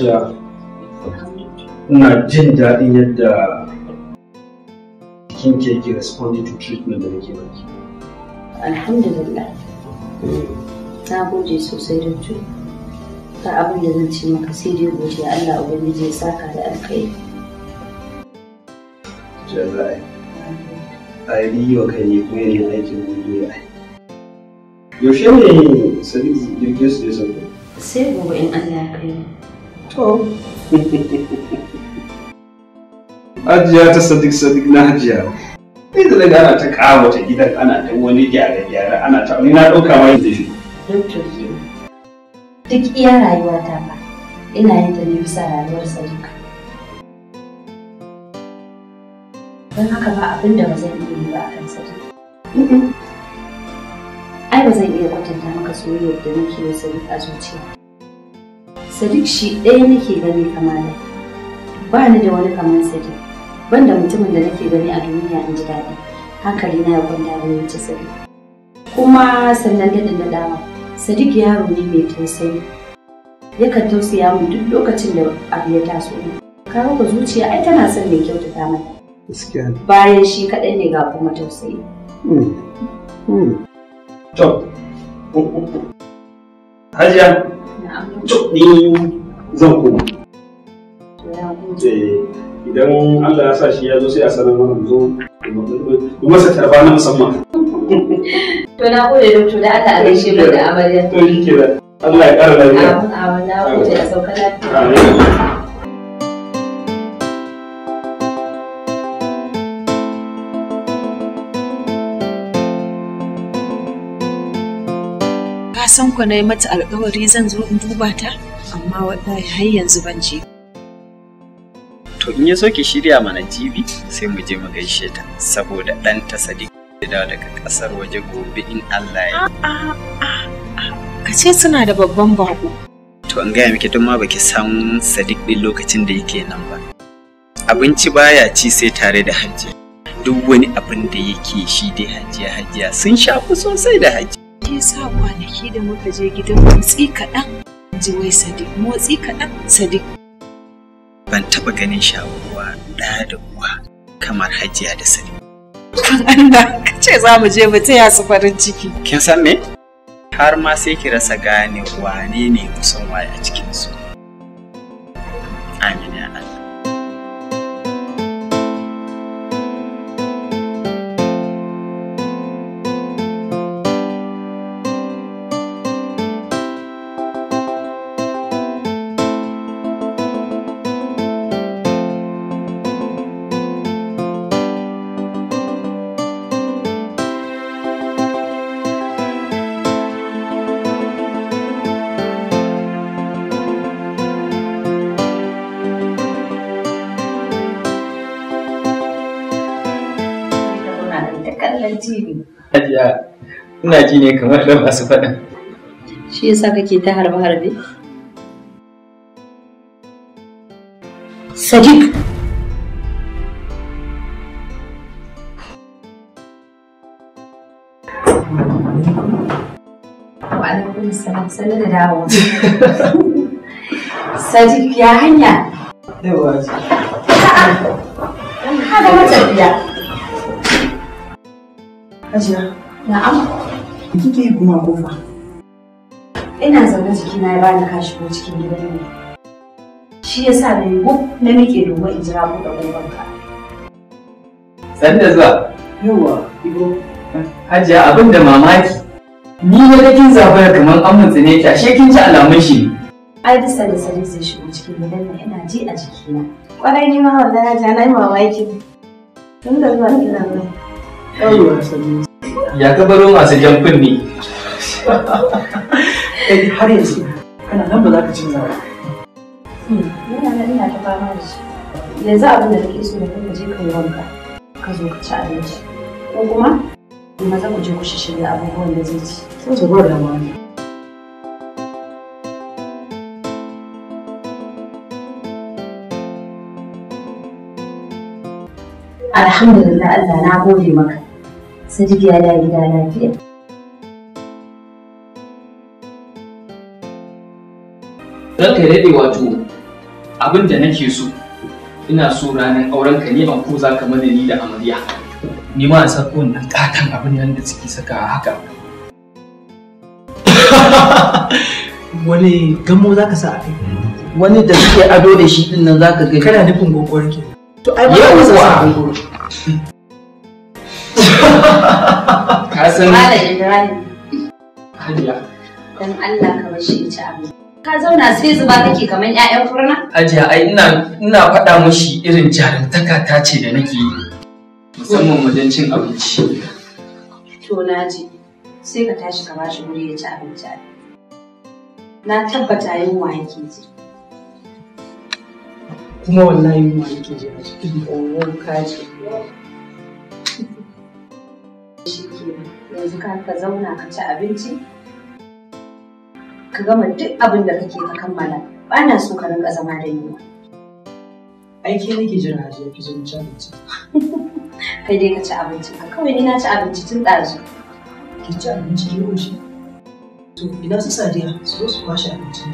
hajiya ina jin daɗin yadda jikin ke ke responding to treatment da nake baki alhamdulillah na gode sosai da tu ta abin da zan ce maka sai dai godiya Allah ubangiji ya saka da alkai Jalai, a yi wa kai ne kuma yin aikin yi. yaushe ne sadiq jirgin su ya sauko sai gobe in Allah ya kai Hajiya ta Sadiq Sadiq na Hajiya. Ni da daga ana ta ta gidan ana ta wani gyara gyara ana ta ni na ɗauka ma da shi. Duk iya rayuwa ta ba, ina yin ta ne bisa rayuwar Sadiq. Don haka ba abin da ba zan yi ba a kan Sadiq. Ai ba zan iya kwatanta maka soyayyar da nake yi sadik a zuciya. Sadiq shi ɗaya nake gani da Ba ni da wani kamar Sadiq. Banda mutumin da nake gani a duniya in ji daɗi. Hankali na ya kwanta da ci Sadiq. Kuma sannan daɗin na dama. Sadiq yaro ne mai tausayi. Yakan tausaya mu duk lokacin da abu ya taso. Kawo ka zuciya ai tana son mai kyautata mata. Bayan shi kaɗai ne ga kuma tausayi. Hmm. Hmm. Hajiya, ni zan eh, idan Allah ya sa shi ya zo sai a sanar mana zo mu masa tarba na musamman to na gode to da Allah a gaishe mu da amarya to shikenan Allah ya kara lafiya amin amin na gode a sauka lafiya amin san ku na mata alkawari zan zo in duba ta amma wallahi har yanzu ban je to in ya so ki shirya mana jibi sai mu je mu gaishe ta saboda dan ta sadi ya daga kasar waje gobe in Allah ya ka ce suna da babban bako to an gaya miki don ma baki san sadiq din lokacin da yake nan ba abinci baya ci sai tare da hajji duk wani abin da yake shi dai hajiya hajiya sun shafu sosai da Hajiya. shi sa kwanaki da muka je gidan motsi kaɗan ji wai sadik motsi kaɗan sadik ban taɓa ganin shawarwa ɗaya da uwa kamar hajiya da sadik kan Allah ka ce za mu je mu taya su farin ciki kin san me har ma sai ki rasa gane wane ne kusan waye a cikinsu amin Hajiya, ina ji ne kamar da masu faɗin. Shi yasa kake ta harbe-harbe? Sadiq. Sadiq ya hanya. Yawa Ha matafiya. Hajiya. Na'am. Kike yi kuma kofa. Ina zaune jikina ya bani ka shigo cikin gidan ne. Shi ya sa yi wuf na nake domin in jira buɗe gobar ka. Sanda zuwa. Yawwa, Ibo. Hajiya abin da mamaki. Ni na da kin zafara kamar amin tsine ta, she kin ji alamun shi. Ai duk sanda sare zai shigo cikin gidan nan ina ji a jikina. Kwarai ni ma wallahi Hajiya na yi mamaki. Tun da zuwa ina nan. ya ka baro masu jamfin kunne eh har yanzu kana nan ba za ka canza ba hmm, ina nan ina ta fama da shi yanzu abin da kake so ne ka je ka yi wanka ka zo ka ci abinci ko kuma maza ku je ku shirya abubuwan da zai ci sai su gwada ma Alhamdulillah Allah na gode maka. Sadiq ya dawo gida lafiya. Ranka ya daɗe wato abin da nake so ina so ranar auren ka ne ko za ka mana ni da amarya. Ni ma san ko wannan katon abin nan da suke saka haka. Wani gamo za ka sa a kai. Wani da suke ado da shi ɗin nan za ka gani. Kana nufin gogor ke. To ai ba za ka sa gogor. ka san Malam Ibrahim Hajiya dan Allah ka bar shi ya ci abinci ka zauna sai zuba kake kamar ƴaƴan furna Ajiya, ai ina ina faɗa mishi irin jarumtaka ta ce da nake yi musamman wajen cin abinci to naji sai ka tashi ka bashi wuri ya ci abinci na tabbata yunwa yake ji kuma wallahi yunwa yake ji a cikin ɗan kaji kenan yanzu ka ka zauna ka ci abinci ka gama duk abin da kake ka kammala ba na so ka rinka zama da yunwa aiki nake jira a je ki zo ci abinci kai dai ka ci abinci ka kawai ni na ci abinci tun ɗazu ki ci abinci ki yi to idan su sadiya su zo su kwashe abincin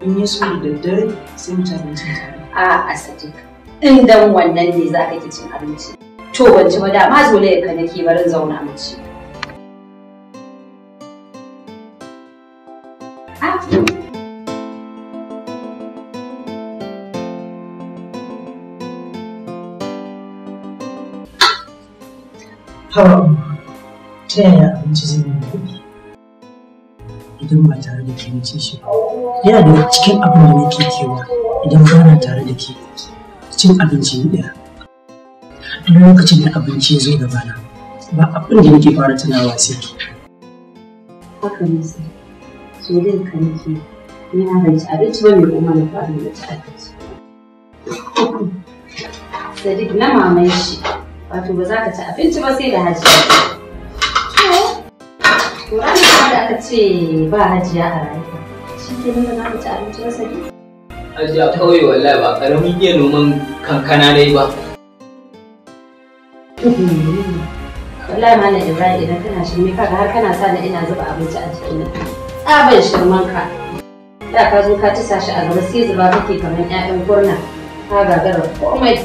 in yi so da daddare sai mu ci abincin tare a a sadiq in dan wannan ne za ka ki cin abinci to ban ci ba da ma zolayar ka nake barin zauna mu ci Hawa, ta yaya abinci zai yi kuɗi idan ba tare da ke ci shi ba? Yana da cikin abin da nake kewa idan ba na tare da ke cin abinci ɗaya. duk lokacin da abinci ya zo gaba na ba abin da nake fara tunawa sai ki haka ne sai soyayyar ka nake ni na ban ci abinci ba mai kuma na fara da ci abinci Sadiq na mamai shi wato ba za ka ci abinci ba sai da haji to ranar da aka ce ba hajiya a rayuwa shi ke nuna za ka ci abinci ba Sadiq Hajiya kawai wallahi ba ƙaramin iya noman kankana dai ba. wallahi malam ibrahim idan kana shirme kaga har kana sa ni ina zuba abinci a cikin nan ban shirman ka da ka zo ka ci sashi a gaba sai zuba kake kamar 'ya'yan gurna ka gagara komai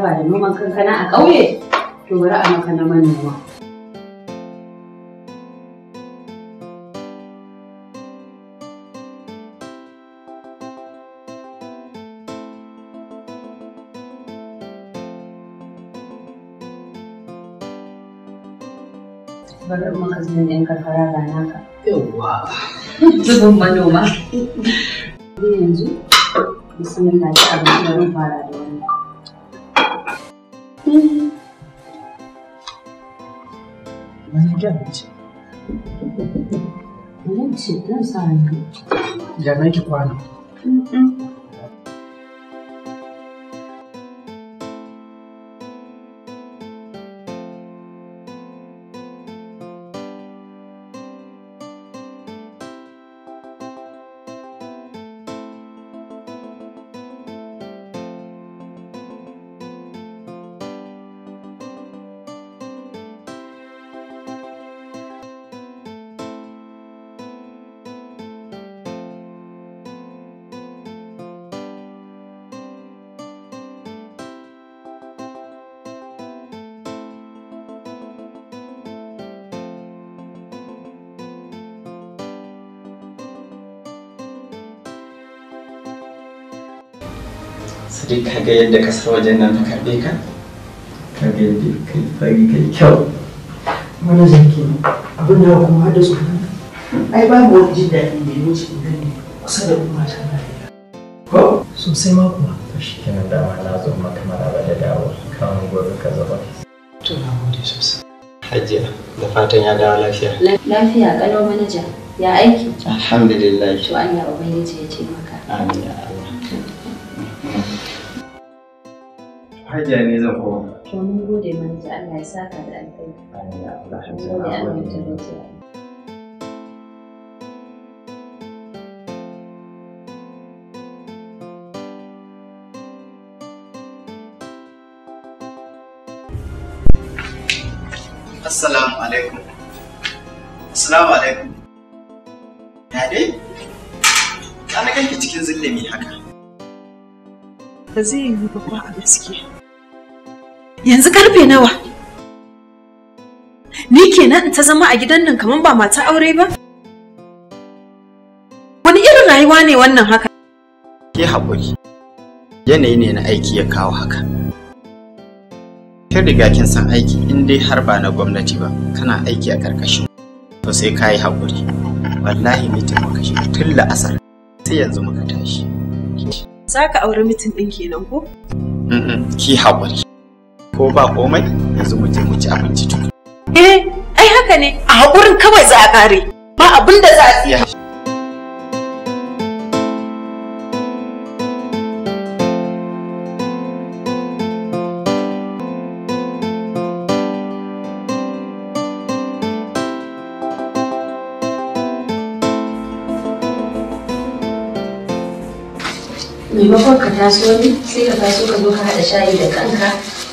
saba da noman kankana a ƙauye to bari a maka na manoma. bari in maka zuwan yan karkara da naka. Yawwa. Zubin manoma. Yanzu, bismillah ta abin da fara da wani. Bana gyanci. Gyanci, ki kwana. duk ka ga yadda kasar wajen nan ta karɓe ka ka ga ka yi fari kai kyau mana zanki abin da kuma da su ai babu wani jin daɗi da ya wuce in gani kusa da kuma ta lafiya ko sosai ma kuwa to shi kenan dama na zo maka maraba da dawo kawo gobe ka zaba to na gode sosai hajiya da fatan ya dawo lafiya lafiya kalau manaja ya aiki alhamdulillah to Allah ubangiji ya ce maka amin hajiya ne zan koma. To mun gode manja Allah ya saka da alkai. Amin Mun gode Allah ta gajiya. Assalamu alaikum. Assalamu alaikum. Ya dai? Ana kanki cikin zillami haka. Ba zai yi ba a gaskiya. yanzu karfe nawa ni kenan ta zama a gidan nan kaman ba mata aure ba wani irin rayuwa ne wannan haka ke haƙuri yanayi ne na aiki ya kawo haka kin riga kin san aiki in dai har ba na gwamnati ba kana aiki a ƙarƙashin to sai ka yi haƙuri wallahi ta maka shi tun la'asar sai yanzu muka tashi za ka aure mutum ɗin kenan ko? ki haƙuri ko ba komai yanzu mu je mu ci abinci tukun eh ai haka ne a hakurin kawai za a kare ba abin da za a iya maimakon ka taso ne sai ka taso ka zo ka haɗa shayi da kanka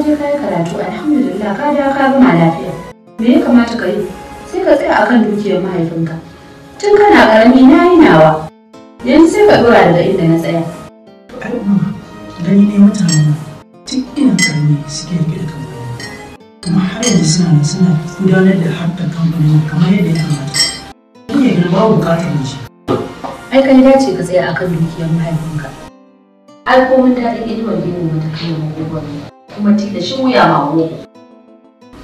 ka je ka yi karatu alhamdulillah ka da ka gama lafiya me ya kamata ka yi sai ka tsaya akan dukiyar mahaifinka tun kana karami na yi nawa yanzu sai ka dora daga inda na tsaya al'umma gani ne mutane tun ina karami suke rike da kamfanin kuma har yanzu suna nan suna gudanar da harkar kamfanin kamar yadda ya kamata iya gina babu bukatar ji ai kai ce ka tsaya akan dukiyar mahaifinka ai komin daɗin inuwar ginin mata kai magogwaro kuma shi wuya ma gogo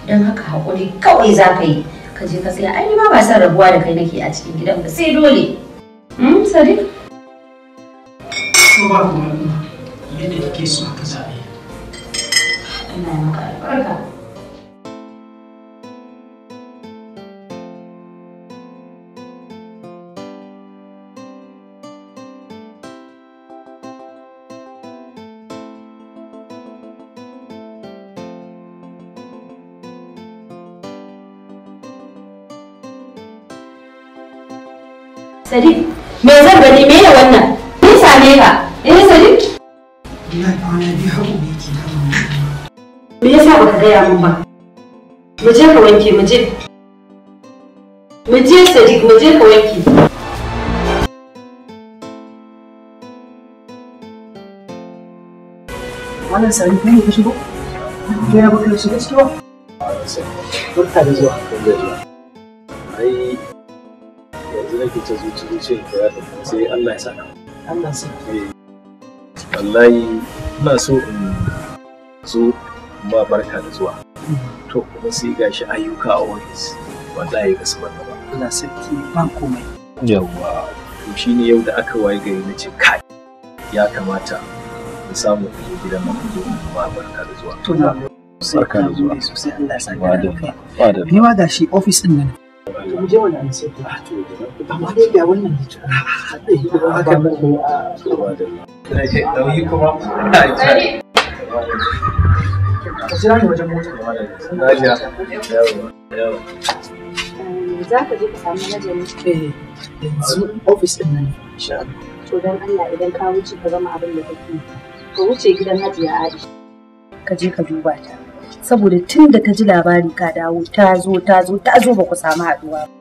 don haka haƙuri kawai za ka yi ka je ka tsaya ai ma ba san rabuwa da kai nake a cikin gidan ba sai dole mm sadiq to ba ku yadda kike so haka za Ina yi maka albarka Sadiq, me zan gani me ne wannan? Ni same ka. Eh Sadiq? Ina na ne Me yasa ba ka gaya mun ba? Mu je ka wanke mu je. Mu je Sadiq mu je ka wanke. Wannan Sadiq ne ka shigo? Ke ya baka shiga cikin wa? da zuwa. take ta zuci da ka ya tafi sai Allah ya saka Allah saka. Eh. wallahi ina so in zo ma barka da zuwa mm-hmm. to kuma sai gashi ayyuka a ofis wallahi ba su banda ba Allah sarki ba komai yawa to shine yau da aka waye gari na ce kai ya kamata in samu in gidan mu zo ma barka da zuwa to na barka da zuwa sosai Allah ya saka ni ma da shi ofis din nan je mana an ce ba za ka je ka samu eh, ofis din nan to dan Allah idan ka wuce ka gama abin da kake ka wuce gidan Hajiya ka je ka duba ta saboda tun da ta ji labari ka dawo ta zo ta zo ta zo ba ku samu haɗuwa ba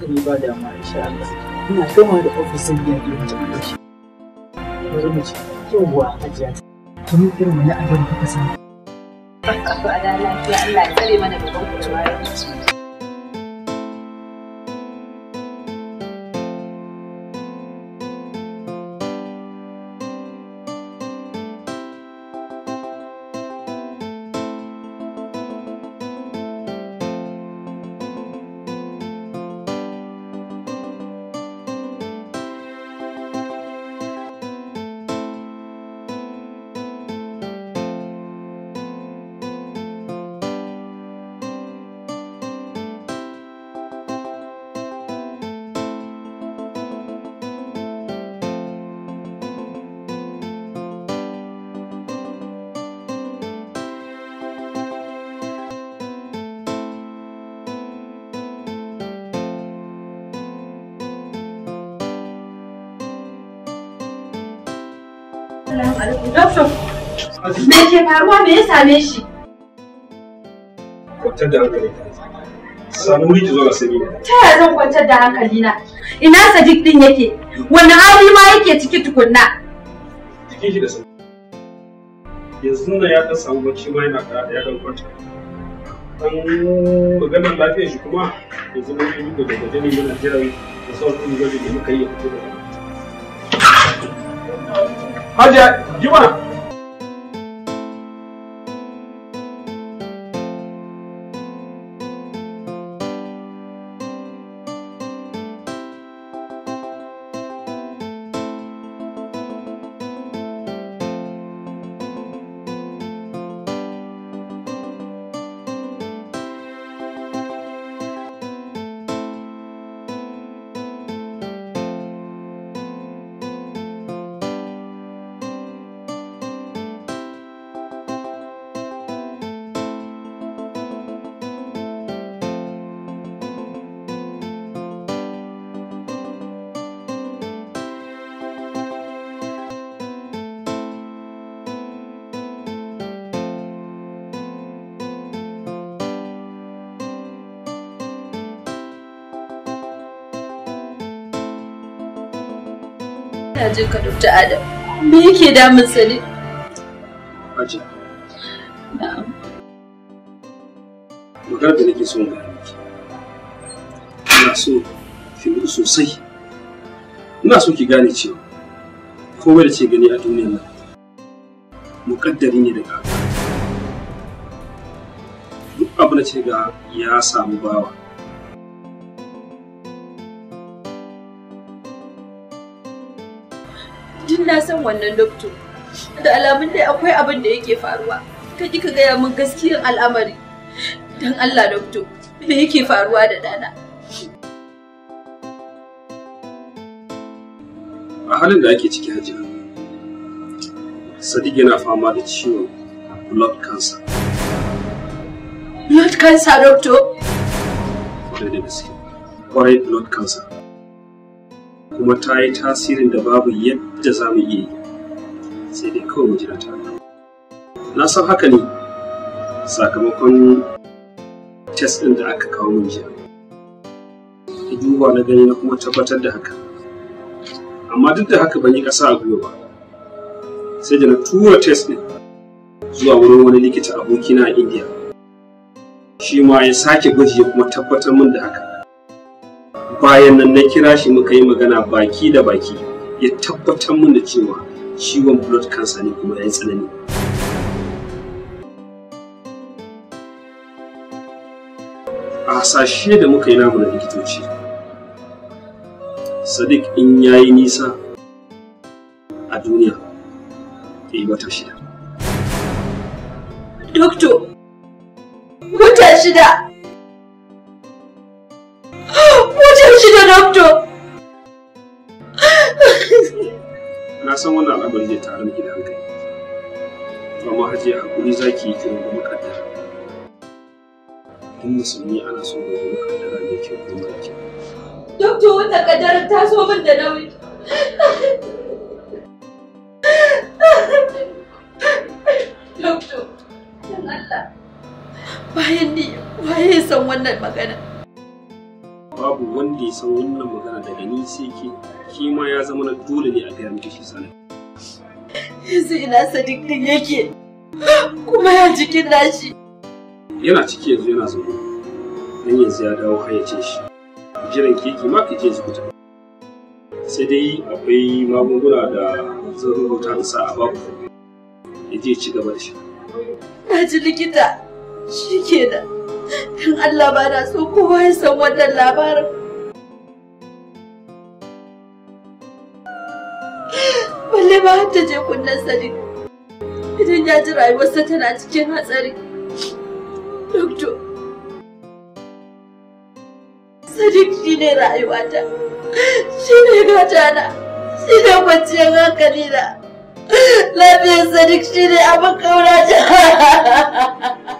hankali ba da ma insha Allah ina gama da ofis zan yi da mutum da shi bari mu ci yawwa ajiya ta kin irin wani abin da ka san Allah ya tsare mana gaban kuma Assalamu Me ke faruwa me ya same shi? Kwantar da hankali. wuri ki zo na sani. Ta yaya zan kwantar da hankali na? Ina Sadiq din yake? Wani hali ma yake ciki tukunna? Jikin shi da Yanzu nan ya ɗan samu bacci ma yana da ya ɗan kwanta. Dan maganar lafiyar shi kuma yanzu mun yi da gwaje ne muna jiran da sauran gwajin da muka yi a fito 二姐，一万。Ina jin ka Dr. Adam. Me yake damun sa ne? Aji. Na'am. Maganar da nake so in Ina so ki mutu sosai. Ina so ki gane cewa komai da ce gani a duniyar nan muƙaddari ne daga duk abin da ce ga ya samu bawa san wannan doctor Da alamun dai akwai abin da yake faruwa. Ka ki ka gaya min gaskiyar al'amari. Dan Allah doctor me yake faruwa da dana A halin da ake ciki hajiya, Sadiq yana fama da ciwon blood cancer. Blood cancer, doctor? Kwarai da gaske, kwarai blood cancer. kuma ta yi tasirin da babu yadda za mu iya yi sai dai kawai mu jira ta na san haka ne sakamakon test ɗin da aka kawo min jiya na duba na gani na kuma tabbatar da haka amma duk da haka ban yi ƙasa a gwiwa ba sai da na tura test ɗin zuwa wurin wani likita abokina a indiya shi ma ya sake gwaji ya kuma tabbatar min da haka bayan nan na kira shi muka yi magana baki da baki ya tabbatar mun da cewa ciwon blood cancer ne kuma ya tsanani a hasashe da muka yi namu da likitoci sadiq in ya yi nisa a duniya ya yi wata shida Dokto, wata shida shi da doctor. Na san wannan al'amari zai taru miki da hankali. Amma hajiya hakuri za ki yi kiran da makaddara. Duk musulmi ana son gobe makaddara ne kyau ko mara Doctor wannan kaddarar ta so min da nauyi. ya san wannan magana daga ni sai ke ma ya zama na dole ne a gaya miki shi sanin yanzu ina sadik din yake kuma ya jikin nashi yana ciki yanzu yana zaune dan yanzu ya dawo ce shi jiran keke ma kike su fita sai dai akwai magunguna da zan rubuta sa a baku ya je ci gaba da shi na ji likita shi kenan don Allah ba na so kowa ya san wannan labarin Lalle ba har ta je kunnen sani. Idan ya ji rayuwarsa tana cikin hatsari. Dokto. Sadiq shi ne rayuwata. Shi ne gatana. Shi ne kwanciyar hankali na. Lafiyar Sadiq shi ne abin kaunata.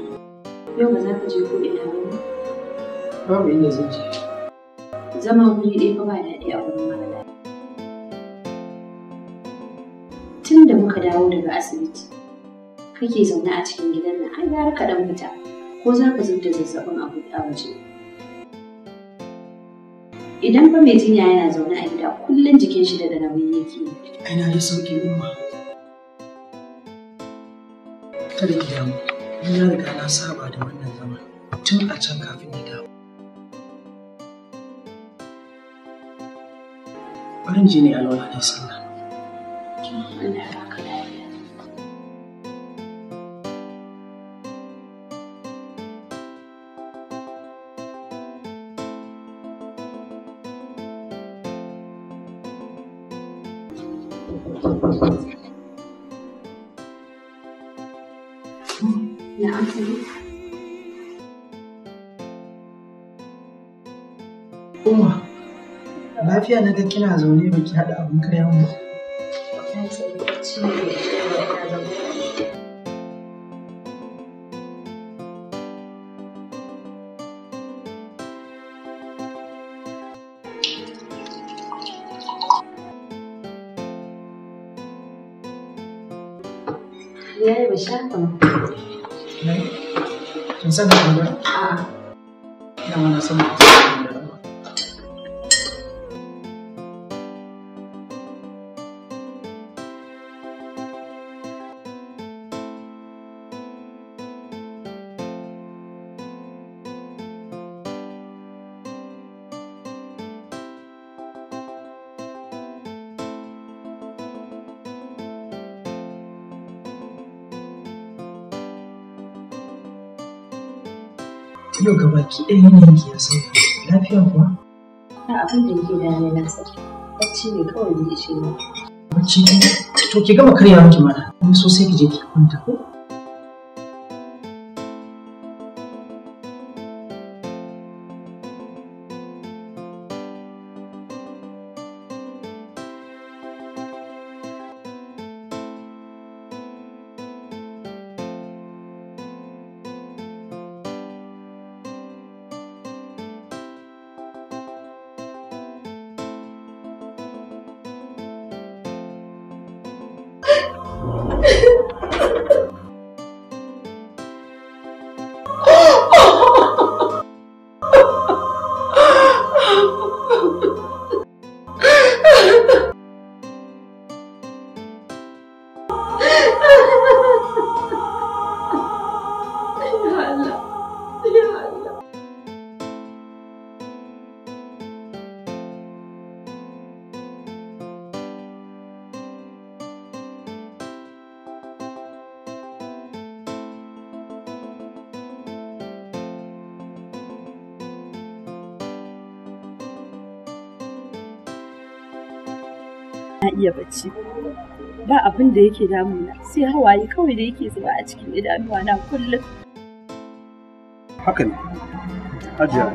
Yau ba za ka je ko ina ba Babu inda zan je. Zama wuri ɗaya fa ba daɗi a wurin mara Tun da muka dawo daga asibiti, kake zaune a cikin gidan nan ai gara ka ɗan fita ko za ka zub da zazzabin a waje. Idan fa mai jinya yana zaune a gida kullum jikin shi da nauyi yake. Ai na umma. Kada ki damu. ya na riga na saba da wannan zama tun a can kafin ya dawo farin jini alwala ne sallah Thank you. lafiya na ga kina zaune baki ki haɗa abin kayan ba. insan hakları baki ɗaya yanayin ke ya sauya lafiya kuwa Na abin da yake dame na sa bacci ne kawai da ya shi ne bacci to ki gama karya miki mana kuma so sai ki je ki kwanta ko na iya bacci ba abin da yake damuna sai hawaye kawai da yake zuba a cikin idanuwa na kullum haka ne hajiya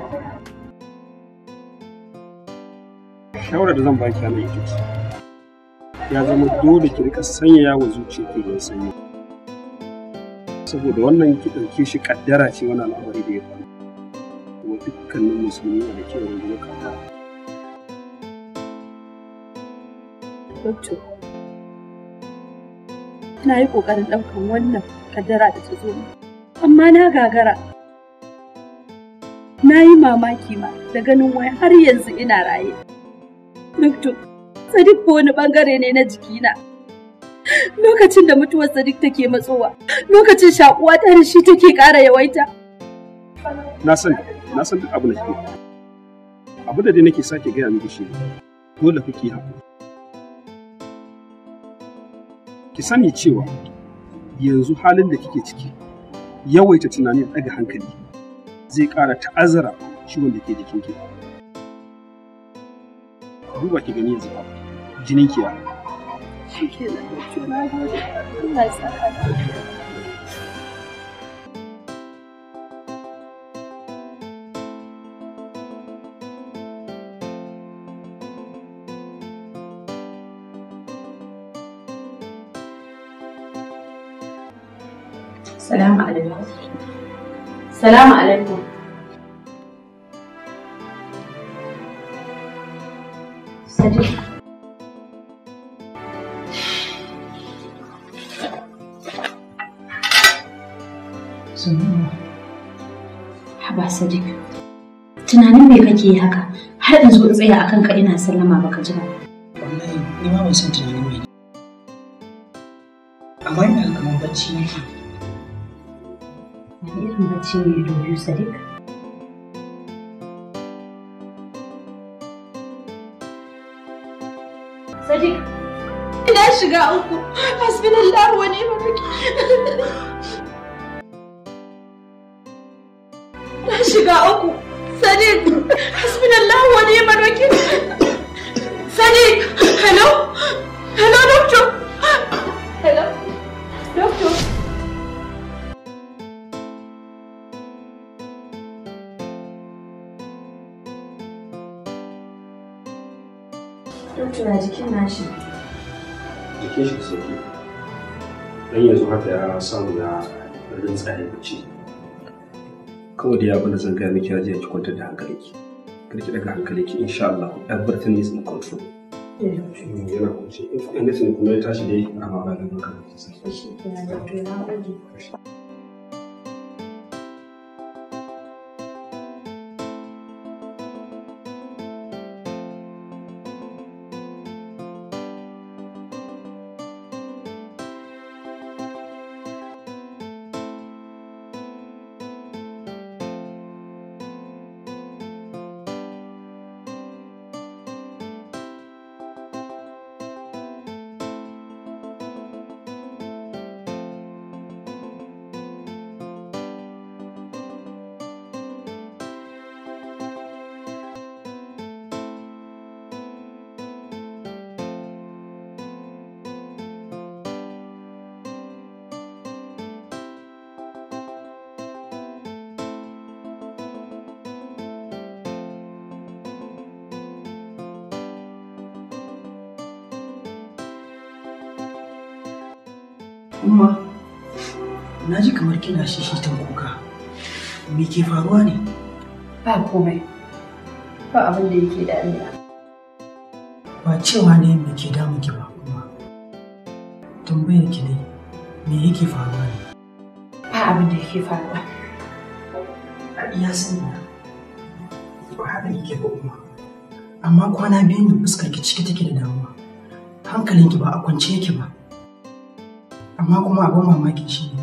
shawarar da zan baki ana ita ya zama dole ki rika sanyaya wa zuciyarki don sanyi saboda wannan ki ɗauke shi kaddara ce wani al'amari da ya faru kuma dukkanin musulmi na da kyau zuwa ya doctor na yi ƙoƙarin ɗaukan wannan kaddara da ta zo amma na gagara na yi mamaki ma da ganin wai har yanzu ina raye doctor sadiq ba wani ɓangare ne na jikina lokacin da mutuwar sadiq take matsowa lokacin shakuwa ta da shi take ƙara yawaita na san na san duk abu da ke abu da dai nake sake gaya miki shi dole kuke haƙuri ki sani cewa yanzu halin da kike ciki yawaita tunanin ɗaga hankali zai ƙara ta'azzara ciwon da ke jikinki duba ki gani yanzu jinin ki ya Allah ya saka Salamu alaikum. Salamu alaikum. Sadiq. Zunuwa. Haba Sadiq. Tunanin me kake yi haka? Har in zo in tsaya akan ka ina sallama baka jira. ba. Wallahi, ni ma ban san tunanin me. Amma ina kamar bacci nake. aikin bacci mai ido biyu sadiq sadiq ina hasbinallah na shiga uku sadiq hasbinallah wa ni'mal wakil sadiq hello hello doctor Doktora jikin nashi. Jikin shi sauki. Dan yanzu haka ya samu ya rin tsaye bacci. Kawai da ya bada zan gaya miki yaji ki kwantar da hankalinki. Kar ki daga hankalinki insha Allah. Everything is in control. Yana kunce. In kuma ya tashi dai a maganin kanka. Shi ke nan da na gode. Umma, na ji kamar kina shishitan kuka. Me ke faruwa ne? Ba komai. Ba abin da yake damina. Ba cewa ne me ke damu ki ba kuma. Tambayar ki ne me yake faruwa ne? Ba abin da yake faruwa. A sani sanya, Ba haka yake ba kuma. Amma kwana biyu ne fuskar ki ciki take da damuwa. Hankalinki ba a kwance yake ba. amma kuma abin mamaki shi ne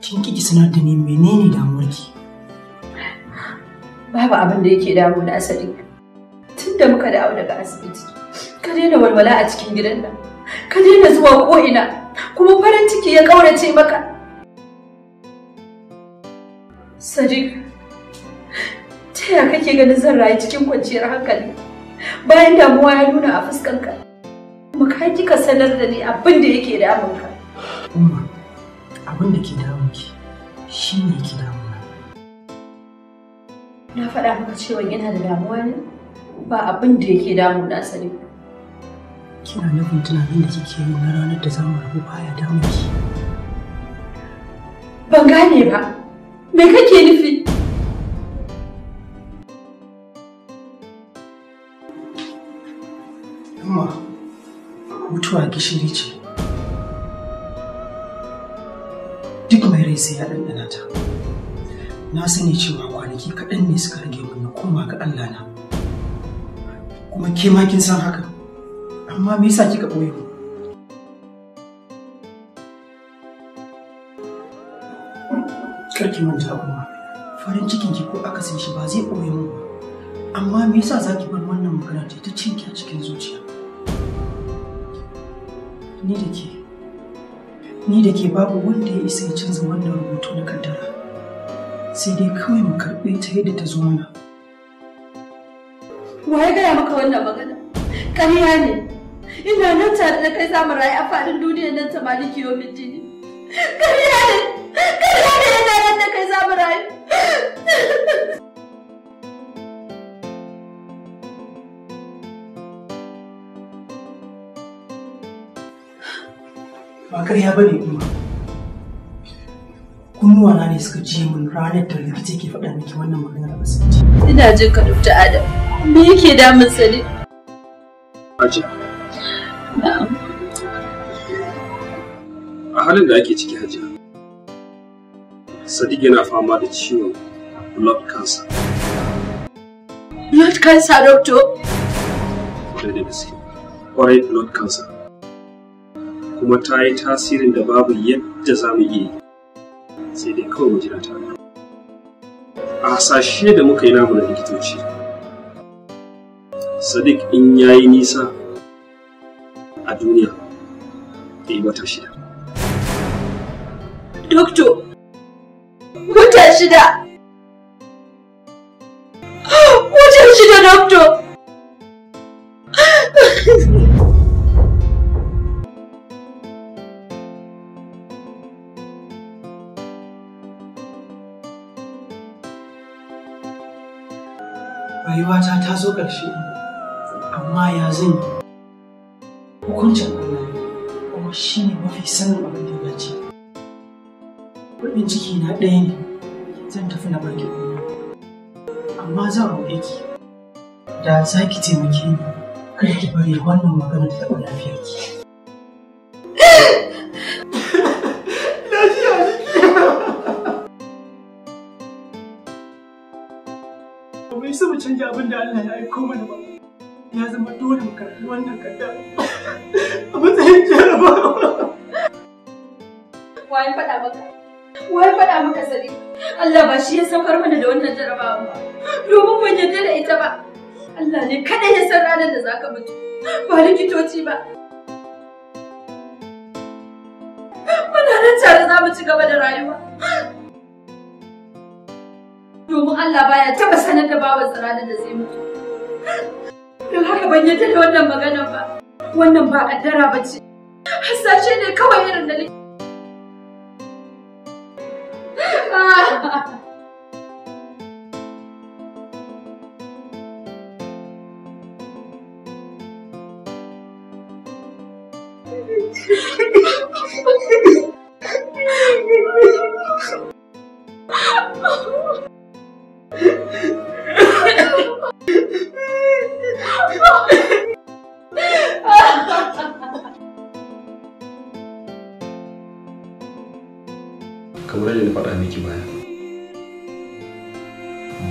kin kiki sanar da ni menene damuwarki babu abin da yake damu na asali tun da muka dawo daga asibiti ka daina walwala a cikin gidan nan ka daina zuwa ko'ina kuma farin ciki ya ƙaurace maka sadiq ta ya kake ganin zan rayu cikin kwanciyar hankali bayan damuwa ya nuna a fuskanka kuma ka kika sanar da ni abin da yake damunka umma abin da ke damu ki shi ne ke damu na faɗa maka cewa yana da damuwa ne ba abin da yake damu na sani kina nufin tunanin da kike yi na ranar da zamu rabu baya damu ki ban gane ba me kake nufi amma mutuwa gishiri ce kai sai ya ɗanɗana ta na sani cewa kwanaki kaɗan ne suka rage mun na koma ga Allah na kuma ke ma kin san haka amma me yasa kika ɓoye mu kar ki manta kuma farin cikin ki ko akasin shi ba zai ɓoye mu ba amma me yasa za ki bar wannan magana ta ta a cikin zuciya ni da ke ni da ke babu wanda ya isa ya canza wannan rubutu na kaddara sai dai kawai mu karɓe ta yadda ta zo mana wa ya gaya maka wannan magana ƙarya ne ina nan tare da kai samun rayu a faɗin duniyar nan ta maliki yomin jini ƙarya ne ƙarya ne ina nan da kai samun rayu ba karya ba ne kuma kunnuwana ne suka ji min ranar da rikici ke faɗa miki wannan maganar asibiti ina jin ka dubta adam me yake damun sa ne aji a halin da ake ciki hajiya sadiq yana fama da ciwon blood cancer blood cancer doctor kwarai da gaske kwarai blood cancer kuma ta yi tasirin da babu yadda za mu iya sai dai kawai mu jira ta a hasashe da muka yi namu na likitoci sadiq in ya yi nisa a duniya ya yi wata shida dokto wata shida ah, wata shida dokto rayuwata ta zo ƙarshe amma ya zan yi hukuncin Allah kuma shi ne mafi sanin abin da ya ce kuɗin ciki na ɗaya ne zan tafi na baki kuma. amma zan roƙe ki da za ki taimake ni kada ki bari wannan maganar ta taɓa lafiyarki. canja abin da Allah ya aiko mana ba ya zama dole mu karɓi wannan kaddar. a matsayin jarabawa wai faɗa maka wai faɗa maka sani Allah ba shi ya saukar mana da wannan jaraba ba domin ban yarda da ita ba Allah ne kada ya san ranar da zaka mutu ba likitoci ba muna nan tare za mu ci gaba da rayuwa domin Allah baya taba sanar da babar ranar da zai mutu. Don haka ban yadda da wannan magana ba, wannan ba kaddara ba ce, hasashe ne kawai irin da nake.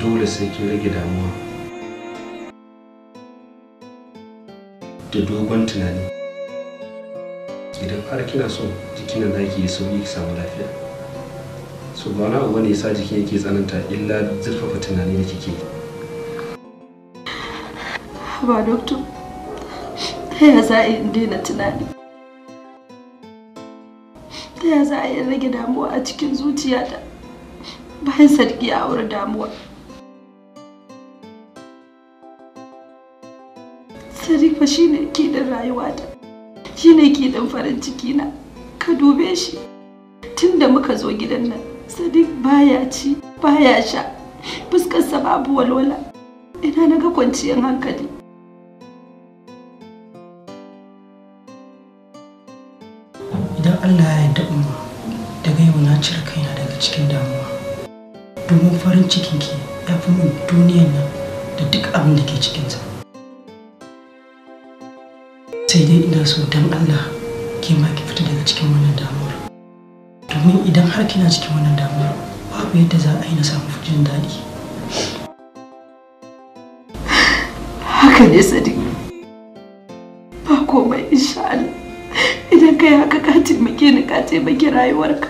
dole sai kin rage damuwa da dogon tunani idan har kina so jikin nan zaki yi sauki ki samu lafiya so ba na abu ne yasa jikin yake tsananta illa zurfafa tunani da kike ba doctor ta ya za a yi daina tunani ta ya za a yi rage damuwa a cikin zuciya zuciyata bayan sarki a wurin damuwa sadiq fa shine kiɗin rayuwata shine kiɗin farin ciki na ka dube shi tun da muka zo gidan nan sadiq baya ci baya sha fuskarsa babu walwala ina na ga kwanciyar hankali idan allah ya yarda umma daga yau na cire kaina daga cikin damuwa domin farin cikinki ya fi mun duniyan nan da duk abin da ke ta. sai dai ina so don Allah ke ma ki fita daga cikin wannan damuwar domin idan har kina cikin wannan damuwar babu yadda za a yi na samu jin daɗi haka ne sadiq ba komai insha Allah idan kai haka ka taimake ni ka taimake rayuwarka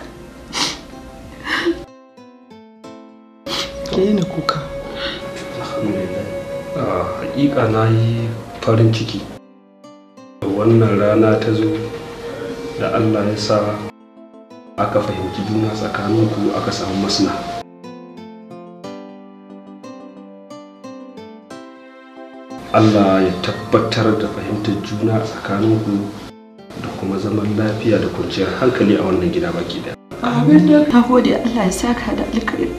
ke na kuka alhamdulillah a ah, hakika na yi farin ciki wannan rana ta zo da allah ya sa aka fahimci juna tsakaninku aka samu masna allah ya tabbatar da fahimtar juna tsakaninku da kuma zaman lafiya da kwanciyar hankali a wannan gida baki daya amin da gode allah ya saka da alkhairi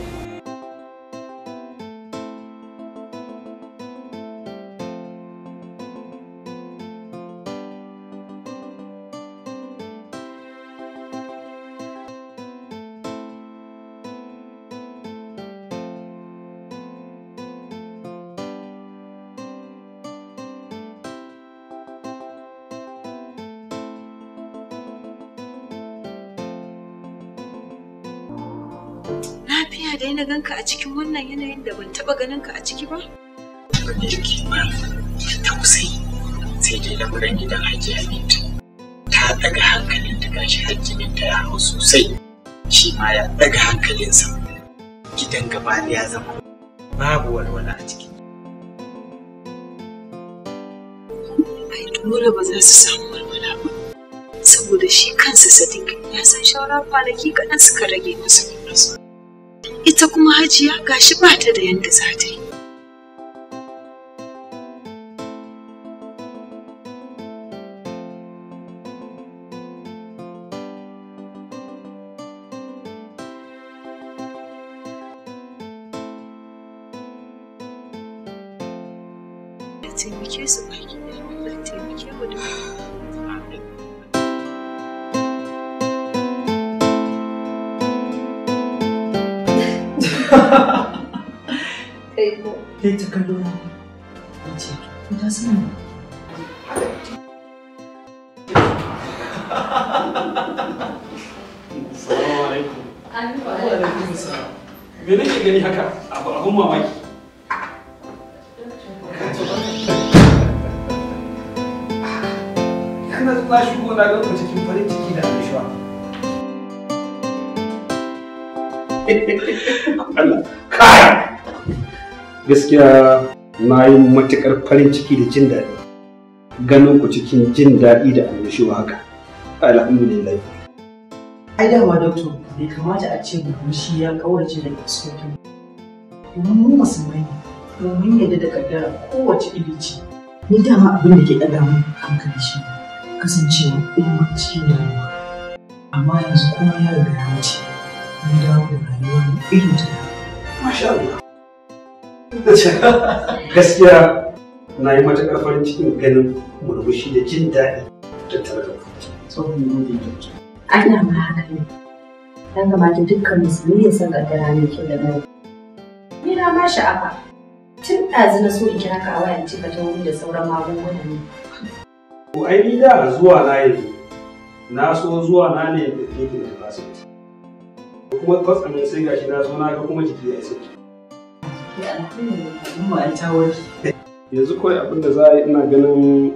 ban taɓa ganin ka a ciki ba? Ban ba, tausayi sai dai lamuran gidan Hajji Aminta. Ta ɗaga hankalin ta gashi Hajji ta ya hau sosai, shi ma ya ɗaga hankalinsa. Gidan gaba ya zama babu walwala a ciki. Ai dole ba za su samu walwala ba. Saboda shi kansa Sadiq ya san shawara kwanaki kaɗan suka rage masu masa. ita kuma hajiya gashi ba ta da yanda za ta yi kai gaskiya na yi matukar farin ciki da jin daɗi ganin ku cikin jin daɗi da annashuwa haka alhamdulillah ai dama doctor bai kamata a ce shi ya kawarce da fuskokin domin mu musulmai ne domin yadda da kaddara kowace iri ni dama abin da ke ɗaga mu hankali shi kasancewa umma cikin damuwa. amma yanzu kuma ya riga ya wuce mun dawo da rayuwar irin ta Masha Allah. Gaskiya na yi matuƙar farin cikin ganin murmushi da jin daɗi tattare da ku. Tsohon gode da Ana ma haka Dan gabata, kamata dukkan musulmi ya san ƙaddara ne ke da mai. Ni na ma sha'afa. Tun ɗazu na so in kira ka a wayan cika ta wuri da sauran magunguna ne. Ko ai ni da zuwa na yanzu. Na so zuwa na ne da ke da kuma a kwatsamin sai gashi na zo na ga kuma jiki ya sauki. Yanzu kawai abin da za a yi ina ganin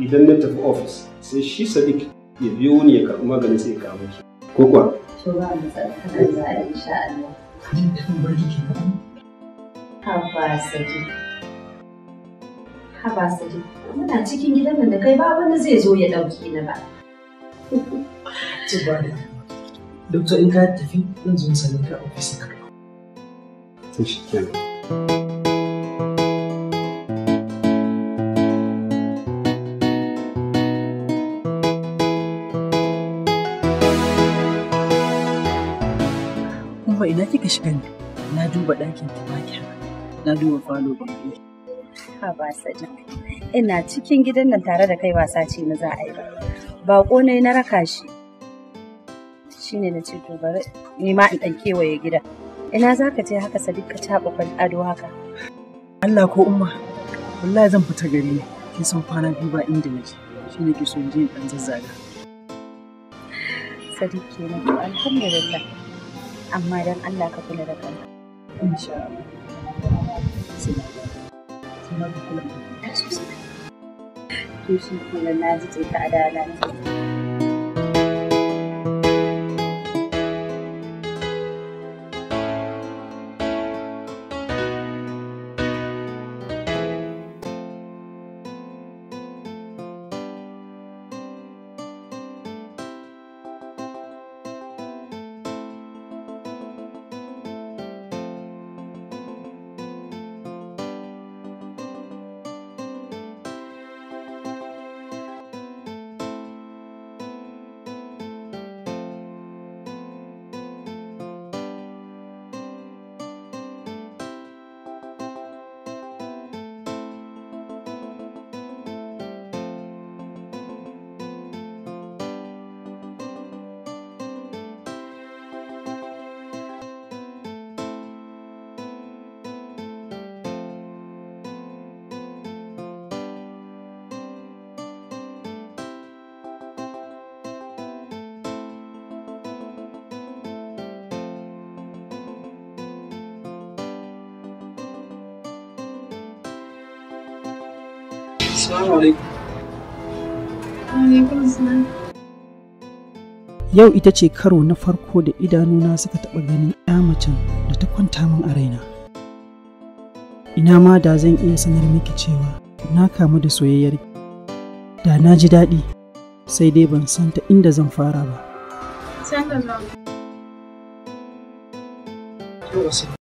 idan na tafi ofis sai shi Sadiq ya biyo wani ya karɓi maganin sai ya kawo ki. Ko kuwa? Shugaba matsala kana za a yi sha'ani. Jin daɗin barki ke Haba Sadiq. haba sadi muna cikin gidan nan da kai ba wanda zai zo ya ɗauki ni ba. Dokta in ka tafi zan zo sani ka ofis ka. To shi kenan. Kuma ina kika shiga ne? Na duba ɗakin ta baki na duba falo ban Ha ba sajin. Ina cikin gidan nan tare da kai wasa ce na za a yi ba. Baƙo ne na raka shi. shine na ce to bari ni ma in dan kewaye gida ina za ka je haka sadiq ka taba kwal ado haka Allah ko umma wallahi zan fita gari ne ki san kwana biyu ba inda nake shine ke so in je dan zazzaga sadiq na to alhamdulillah amma dan Allah ka kula da kanka insha Allah sai na kula da kanka sosai to shi ko na ji ta adala ne Yau ita ce karo na farko da idanuna suka taɓa ganin ya macen da ta kwanta min a raina. Ina ma da zan iya sanar miki cewa na kamu da soyayyar da na ji daɗi sai dai ban san ta inda zan fara ba. Sai ka